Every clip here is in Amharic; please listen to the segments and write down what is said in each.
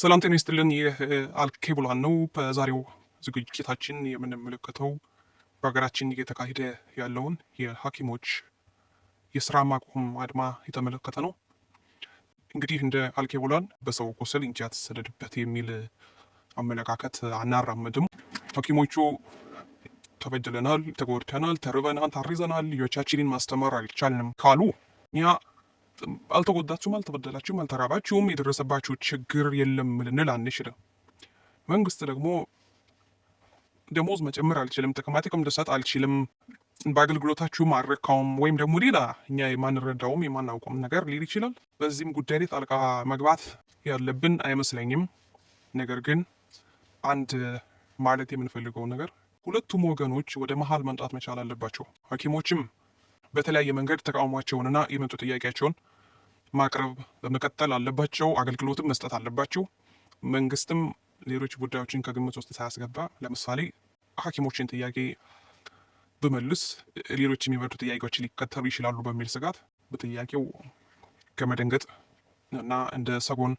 ሰላም ጤና ይስጥልን። ይህ አልኬብላን ነው። በዛሬው ዝግጅታችን የምንመለከተው በሀገራችን እየተካሄደ ያለውን የሐኪሞች የስራ ማቆም አድማ የተመለከተ ነው። እንግዲህ እንደ አልኬቦላን በሰው ቁስል እንጂ አትሰደድበት የሚል አመለካከት አናራምድም። ሐኪሞቹ ተበድለናል፣ ተጎድተናል፣ ተርበናል፣ ታሪዘናል፣ ልጆቻችንን ማስተማር አልቻልንም ካሉ እኛ አልተጎዳችሁም፣ አልተበደላችሁም፣ አልተራባችሁም፣ የደረሰባችሁ ችግር የለም ልንል አንችልም። መንግስት ደግሞ ደሞዝ መጨመር አልችልም፣ ጥቅማጥቅም ልሰጥ አልችልም፣ በአገልግሎታችሁ ማረካውም ወይም ደግሞ ሌላ እኛ የማንረዳውም የማናውቀውም ነገር ሊል ይችላል። በዚህም ጉዳይ ላይ ጣልቃ መግባት ያለብን አይመስለኝም። ነገር ግን አንድ ማለት የምንፈልገው ነገር ሁለቱም ወገኖች ወደ መሀል መምጣት መቻል አለባቸው። ሐኪሞችም በተለያየ መንገድ ተቃውሟቸውንና የመጡ ጥያቄያቸውን ማቅረብ በመቀጠል አለባቸው። አገልግሎትም መስጠት አለባቸው። መንግስትም ሌሎች ጉዳዮችን ከግምት ውስጥ ሳያስገባ ለምሳሌ ሐኪሞችን ጥያቄ ብመልስ ሌሎች የሚመጡ ጥያቄዎችን ሊከተሉ ይችላሉ በሚል ስጋት በጥያቄው ከመደንገጥ እና እንደ ሰጎን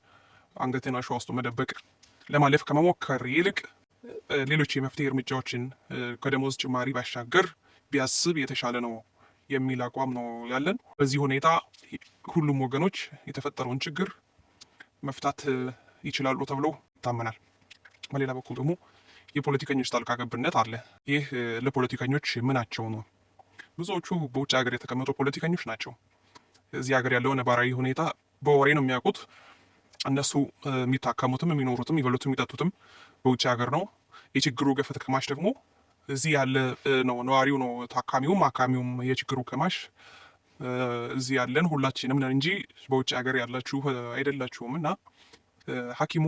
አንገትን አሸዋ ውስጥ መደበቅ ለማለፍ ከመሞከር ይልቅ ሌሎች የመፍትሄ እርምጃዎችን ከደሞዝ ጭማሪ ባሻገር ቢያስብ የተሻለ ነው። የሚል አቋም ነው ያለን። በዚህ ሁኔታ ሁሉም ወገኖች የተፈጠረውን ችግር መፍታት ይችላሉ ተብሎ ይታመናል። በሌላ በኩል ደግሞ የፖለቲከኞች ጣልቃ ገብነት አለ። ይህ ለፖለቲከኞች ምናቸው ነው? ብዙዎቹ በውጭ ሀገር የተቀመጡ ፖለቲከኞች ናቸው። እዚህ ሀገር ያለው ነባራዊ ሁኔታ በወሬ ነው የሚያውቁት። እነሱ የሚታከሙትም የሚኖሩትም የሚበሉትም የሚጠጡትም በውጭ ሀገር ነው። የችግሩ ገፈት ቀማሽ ደግሞ እዚህ ያለ ነው ነዋሪው ነው ታካሚውም አካሚውም የችግሩ ከማሽ እዚህ ያለን ሁላችንም ነን እንጂ በውጭ ሀገር ያላችሁ አይደላችሁም። እና ሐኪሙ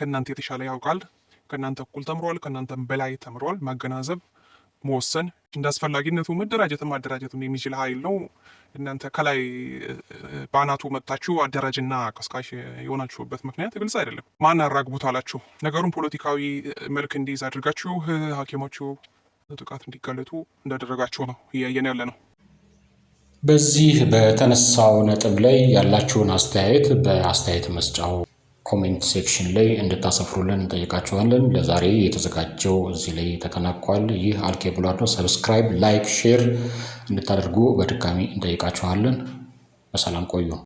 ከእናንተ የተሻለ ያውቃል። ከእናንተ እኩል ተምሯል፣ ከእናንተም በላይ ተምሯል። ማገናዘብ መወሰን እንደ አስፈላጊነቱ መደራጀት ማደራጀቱን የሚችል ኃይል ነው። እናንተ ከላይ በአናቱ መጥታችሁ አደራጅና ቀስቃሽ የሆናችሁበት ምክንያት ግልጽ አይደለም። ማን አራግቡት አላችሁ? ነገሩን ፖለቲካዊ መልክ እንዲይዝ አድርጋችሁ ሐኪሞቹ ጥቃት እንዲጋለጡ እንዳደረጋችሁ ነው እያየን ያለ ነው። በዚህ በተነሳው ነጥብ ላይ ያላችሁን አስተያየት በአስተያየት መስጫው ኮሜንት ሴክሽን ላይ እንድታሰፍሩልን እንጠይቃችኋለን። ለዛሬ የተዘጋጀው እዚህ ላይ ተጠናቋል። ይህ አልኬብሏል ነው። ሰብስክራይብ፣ ላይክ፣ ሼር እንድታደርጉ በድጋሚ እንጠይቃችኋለን። በሰላም ቆዩ።